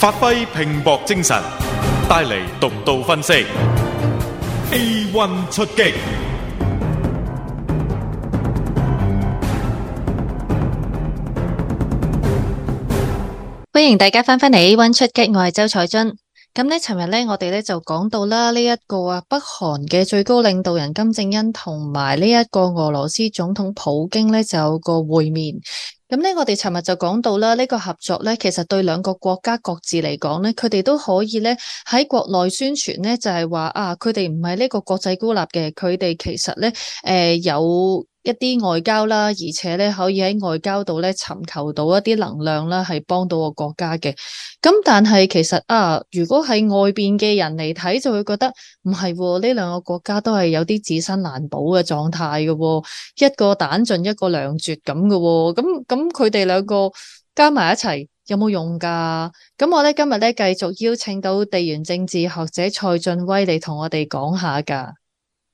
發揮拼搏精神，帶嚟獨到分析。A one 出擊，歡迎大家翻返嚟，A one 出擊，我係周彩君。咁呢，尋日呢，我哋呢就講到啦，呢一個北韓嘅最高領導人金正恩同埋呢一個俄羅斯總統普京呢就有個會面。咁呢，我哋尋日就講到啦，呢個合作呢，其實對兩個國家各自嚟講呢，佢哋都可以呢喺國內宣傳呢，就係話啊，佢哋唔係呢個國際孤立嘅，佢哋其實呢，誒、呃、有。一啲外交啦，而且咧可以喺外交度咧尋求到一啲能量啦，係幫到個國家嘅。咁但係其實啊，如果喺外邊嘅人嚟睇，就會覺得唔係喎，呢兩個國家都係有啲自身難保嘅狀態嘅喎，一個彈盡一個糧絕咁嘅。咁咁佢哋兩個加埋一齊有冇用噶？咁我咧今日咧繼續邀請到地緣政治學者蔡俊威嚟同我哋講下噶。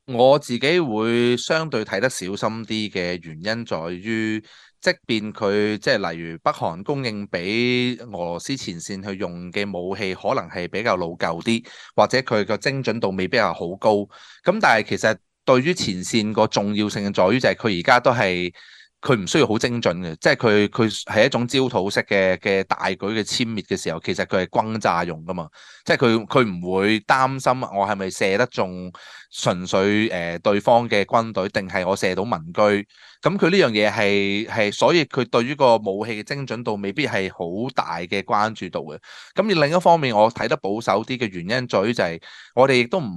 我自己會相對睇得小心啲嘅原因，在於即，即便佢即係例如北韓供應俾俄羅斯前線去用嘅武器，可能係比較老舊啲，或者佢個精準度未必係好高。咁但係其實對於前線個重要性，嘅在於就係佢而家都係佢唔需要好精準嘅，即係佢佢係一種焦土式嘅嘅大舉嘅殲滅嘅時候，其實佢係轟炸用噶嘛，即係佢佢唔會擔心我係咪射得中。純粹誒，對方嘅軍隊定係我射到民居，咁佢呢樣嘢係係，所以佢對於個武器嘅精準度未必係好大嘅關注度嘅。咁而另一方面，我睇得保守啲嘅原因在於就係、是，我哋亦都唔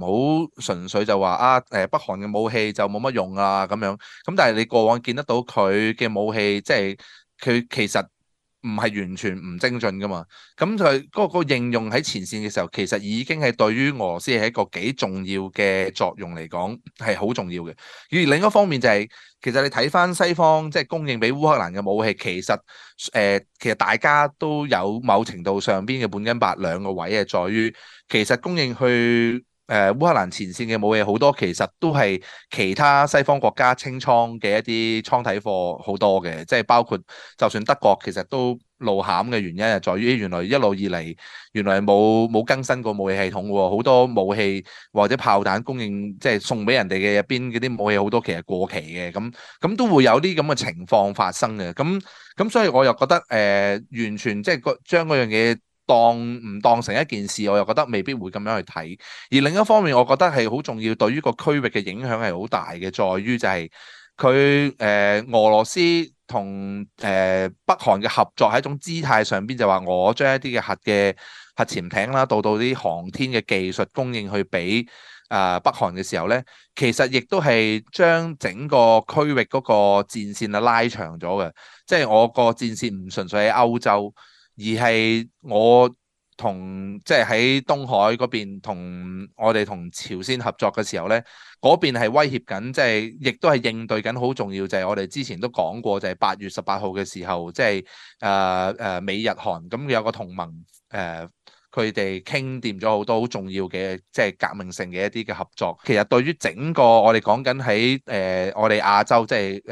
好純粹就話啊，誒，北韓嘅武器就冇乜用啊咁樣。咁但係你過往見得到佢嘅武器，即係佢其實。唔係完全唔精進噶嘛，咁就係嗰、嗰個嗰個應用喺前線嘅時候，其實已經係對於俄羅斯係一個幾重要嘅作用嚟講，係好重要嘅。而另一方面就係、係，其實你睇翻西方即係供應俾烏克蘭嘅武器，其實誒、呃，其實大家都有某程度上邊嘅半斤八兩個位係在於，其實供應去。誒、呃、烏克蘭前線嘅武器好多，其實都係其他西方國家清倉嘅一啲倉底貨好多嘅。即係包括就算德國，其實都露餡嘅原因係在於原來一路以嚟原來冇冇更新過武器系統喎，好多武器或者炮彈供應，即係送俾人哋嘅入邊嗰啲武器好多其實過期嘅，咁咁都會有啲咁嘅情況發生嘅，咁咁所以我又覺得誒、呃、完全即係個將嗰樣嘢。當唔當成一件事，我又覺得未必會咁樣去睇。而另一方面，我覺得係好重要，對於個區域嘅影響係好大嘅，在於就係佢誒俄羅斯同誒、呃、北韓嘅合作喺一種姿態上邊，就話我將一啲嘅核嘅核潛艇啦，到到啲航天嘅技術供應去俾誒北韓嘅時候咧，其實亦都係將整個區域嗰個戰線啊拉長咗嘅，即係我個戰線唔純粹喺歐洲。而係我同即係喺東海嗰邊同我哋同朝鮮合作嘅時候咧，嗰邊係威脅緊，即係亦都係應對緊，好重要就係、是、我哋之前都講過，就係、是、八月十八號嘅時候，即係誒誒美日韓咁有個同盟誒，佢哋傾掂咗好多好重要嘅即係革命性嘅一啲嘅合作。其實對於整個我哋講緊喺誒我哋亞洲即係誒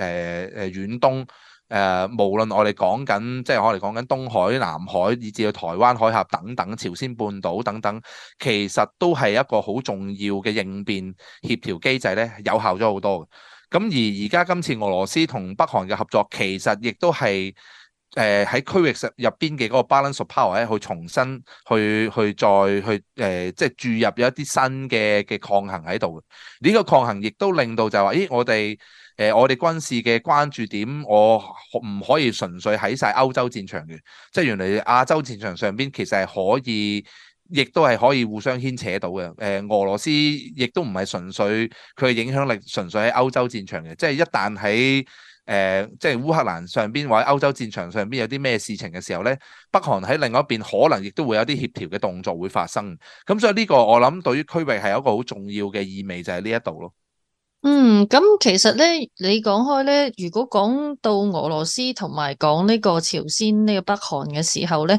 誒遠東。誒、呃，無論我哋講緊，即係我哋講緊東海、南海，以至到台灣海峽等等、朝鮮半島等等，其實都係一個好重要嘅應變協調機制咧，有效咗好多嘅。咁而而家今次俄羅斯同北韓嘅合作，其實亦都係誒喺區域入邊嘅嗰個 balance of power 咧，去重新去去再去誒，即、呃、係、就是、注入咗一啲新嘅嘅抗衡喺度。呢個抗衡亦都令到就話，咦，我哋。誒、呃，我哋軍事嘅關注點，我唔可以純粹喺晒歐洲戰場嘅，即係原來亞洲戰場上邊其實係可以，亦都係可以互相牽扯到嘅。誒、呃，俄羅斯亦都唔係純粹佢嘅影響力純粹喺歐洲戰場嘅，即係一旦喺誒、呃，即係烏克蘭上邊或者歐洲戰場上邊有啲咩事情嘅時候咧，北韓喺另外一邊可能亦都會有啲協調嘅動作會發生。咁所以呢個我諗對於區域係有一個好重要嘅意味就係呢一度咯。嗯，咁其實咧，你講開咧，如果講到俄羅斯同埋講呢個朝鮮、呢個北韓嘅時候咧，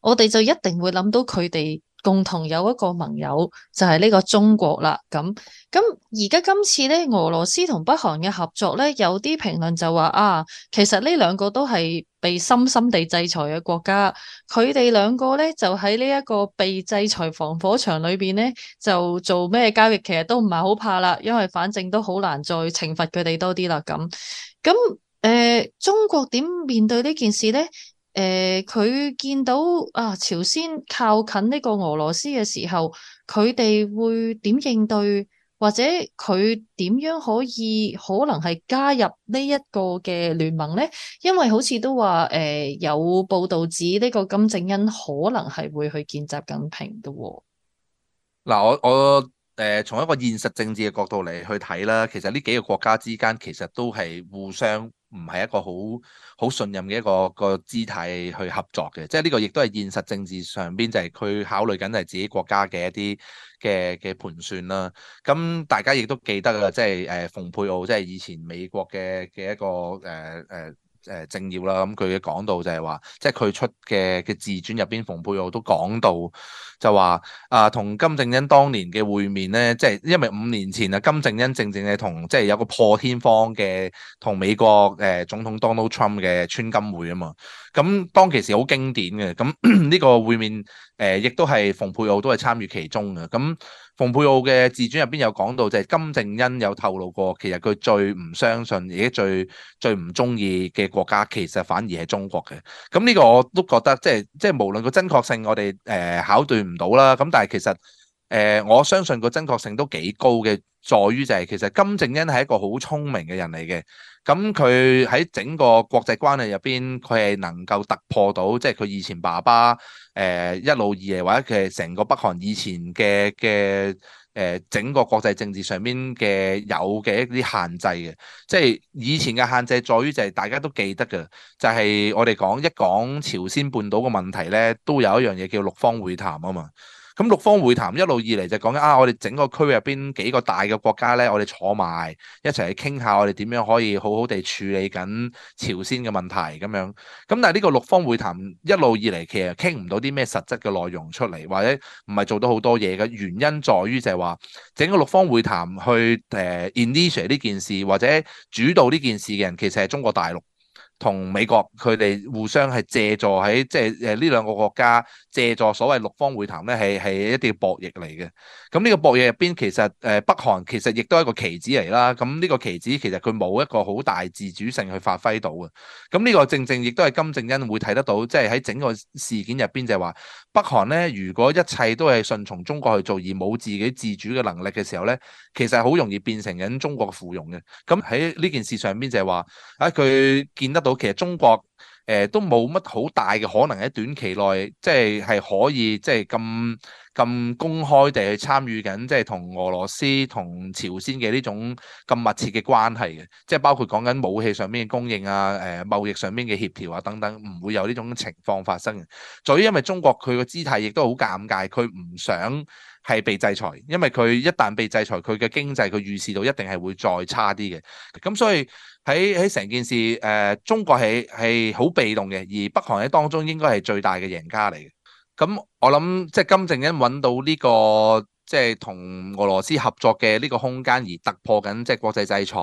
我哋就一定會諗到佢哋。共同有一個盟友就係、是、呢個中國啦，咁咁而家今次咧，俄羅斯同北韓嘅合作咧，有啲評論就話啊，其實呢兩個都係被深深地制裁嘅國家，佢哋兩個咧就喺呢一個被制裁防火牆裏邊咧，就做咩交易其實都唔係好怕啦，因為反正都好難再懲罰佢哋多啲啦，咁咁誒，中國點面對呢件事咧？誒，佢、呃、見到啊，朝鮮靠近呢個俄羅斯嘅時候，佢哋會點應對，或者佢點樣可以可能係加入呢一個嘅聯盟呢？因為好似都話誒、呃、有報道指呢個金正恩可能係會去見習近平嘅、哦。嗱，我我、呃、從一個現實政治嘅角度嚟去睇啦，其實呢幾個國家之間其實都係互相。唔係一個好好信任嘅一個一個姿態去合作嘅。即係呢個亦都係現實政治上邊就係、是、佢考慮緊係自己國家嘅一啲嘅嘅盤算啦。咁、嗯、大家亦都記得啊，即係誒、呃、蓬佩奧，即係以前美國嘅嘅一個誒誒。呃呃誒，政要啦，咁佢嘅講到就係話，即係佢出嘅嘅自傳入邊，蓬佩奧都講到就話，啊，同金正恩當年嘅會面咧，即係因為五年前啊，金正恩正正係同即係有個破天荒嘅同美國誒、呃、總統 Donald Trump 嘅川金會啊嘛，咁當其時好經典嘅，咁呢個會面誒、呃，亦都係蓬佩奧都係參與其中嘅，咁。蓬佩奧嘅自傳入邊有講到，就係、是、金正恩有透露過，其實佢最唔相信，而且最最唔中意嘅國家，其實反而係中國嘅。咁呢個我都覺得，即係即係無論個真確性，我哋誒、呃、考慮唔到啦。咁但係其實。誒、呃，我相信個真確性都幾高嘅，在於就係其實金正恩係一個好聰明嘅人嚟嘅，咁佢喺整個國際關係入邊，佢係能夠突破到，即係佢以前爸爸誒、呃、一路二爺，或者佢係成個北韓以前嘅嘅誒整個國際政治上邊嘅有嘅一啲限制嘅，即係以前嘅限制，在於就係、是、大家都記得㗎，就係、是、我哋講一講朝鮮半島個問題咧，都有一樣嘢叫六方會談啊嘛。咁六方會談一路以嚟就講緊啊，我哋整個區入邊幾個大嘅國家咧，我哋坐埋一齊去傾下，我哋點樣可以好好地處理緊朝鮮嘅問題，咁樣，咁但係呢個六方會談一路以嚟其實傾唔到啲咩實質嘅內容出嚟，或者唔係做到好多嘢嘅原因，在於就係話整個六方會談去誒 initiate 呢件事或者主導呢件事嘅人，其實係中國大陸。同美國佢哋互相係借助喺即係誒呢兩個國家借助所謂六方會談咧係係一啲博弈嚟嘅。咁呢個博弈入邊其實誒北韓其實亦都係一個棋子嚟啦。咁呢個棋子其實佢冇一個好大自主性去發揮到嘅。咁呢個正正亦都係金正恩會睇得到，即係喺整個事件入邊就係話北韓咧，如果一切都係順從中國去做而冇自己自主嘅能力嘅時候咧，其實好容易變成緊中國嘅附庸嘅。咁喺呢件事上邊就係話啊，佢見得到。其實中國誒、呃、都冇乜好大嘅可能喺短期內，即係係可以即係咁咁公開地去參與緊，即係同俄羅斯同朝鮮嘅呢種咁密切嘅關係嘅，即係包括講緊武器上面嘅供應啊，誒、呃、貿易上面嘅協調啊等等，唔會有呢種情況發生嘅。在於因為中國佢個姿態亦都好尷尬，佢唔想。係被制裁，因為佢一旦被制裁，佢嘅經濟佢預視到一定係會再差啲嘅。咁所以喺喺成件事，誒、呃、中國係係好被動嘅，而北韓喺當中應該係最大嘅贏家嚟嘅。咁我諗即係金正恩揾到呢、這個。即係同俄羅斯合作嘅呢個空間而突破緊即係國際制裁，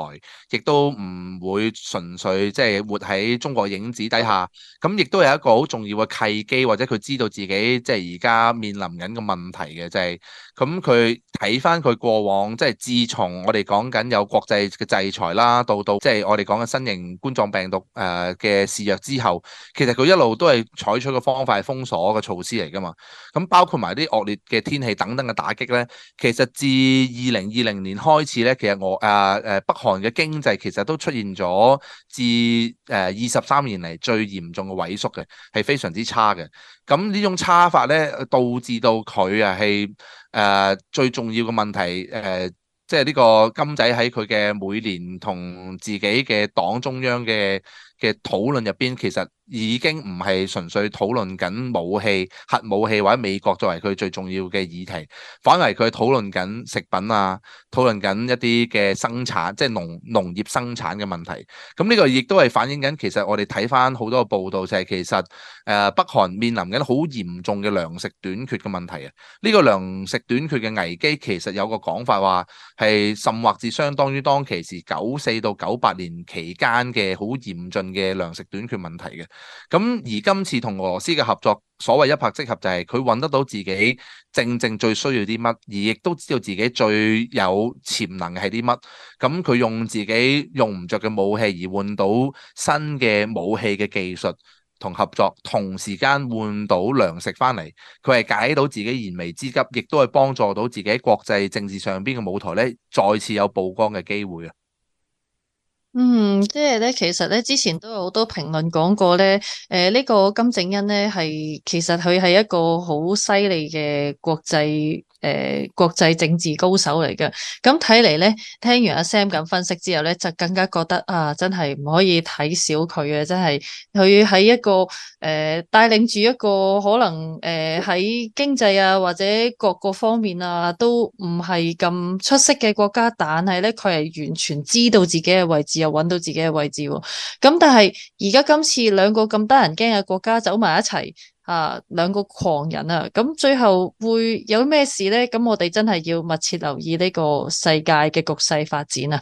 亦都唔會純粹即係活喺中國影子底下。咁亦都有一個好重要嘅契機或者佢知道自己即係而家面臨緊嘅問題嘅就係、是，咁佢睇翻佢過往，即、就、係、是、自從我哋講緊有國際嘅制裁啦，到到即係我哋講嘅新型冠狀病毒誒嘅肆虐之後，其實佢一路都係採取嘅方法係封鎖嘅措施嚟㗎嘛。咁包括埋啲惡劣嘅天氣等等嘅打擊。咧。其實自二零二零年開始咧，其實我誒誒、呃、北韓嘅經濟其實都出現咗自誒二十三年嚟最嚴重嘅萎縮嘅，係非常之差嘅。咁呢種差法咧，導致到佢啊係誒最重要嘅問題誒，即係呢個金仔喺佢嘅每年同自己嘅黨中央嘅嘅討論入邊，其實已經唔係純粹討論緊武器、核武器或者美國作為佢最重要嘅議題，反為佢討論緊食品啊，討論緊一啲嘅生產，即係農農業生產嘅問題。咁呢個亦都係反映緊，其實我哋睇翻好多個報道，就係、是、其實誒、呃、北韓面臨緊好嚴重嘅糧食短缺嘅問題啊！呢、這個糧食短缺嘅危機，其實有個講法話係甚或至相當於當其時九四到九八年期間嘅好嚴峻嘅糧食短缺問題嘅，咁而今次同俄羅斯嘅合作，所謂一拍即合，就係佢揾得到自己正正最需要啲乜，而亦都知道自己最有潛能係啲乜，咁佢用自己用唔着嘅武器而換到新嘅武器嘅技術同合作，同時間換到糧食翻嚟，佢係解到自己燃眉之急，亦都係幫助到自己喺國際政治上邊嘅舞台呢再次有曝光嘅機會。嗯，即係呢，其實呢，之前都有好多評論講過呢。誒、呃，呢、這個金正恩呢，係其實佢係一個好犀利嘅國際，誒、呃，國際政治高手嚟嘅，咁睇嚟咧，聽完阿 Sam 咁分析之後咧，就更加覺得啊，真係唔可以睇小佢，呃呃、啊。真係佢喺一個誒帶領住一個可能誒喺經濟啊或者各個方面啊都唔係咁出色嘅國家，但係咧，佢係完全知道自己嘅位置，又搵到自己嘅位置，啊，咁但係而家今次兩個咁得人驚嘅國家走埋一齊。啊，兩個狂人啊，咁最後會有咩事呢？咁我哋真係要密切留意呢個世界嘅局勢發展啊！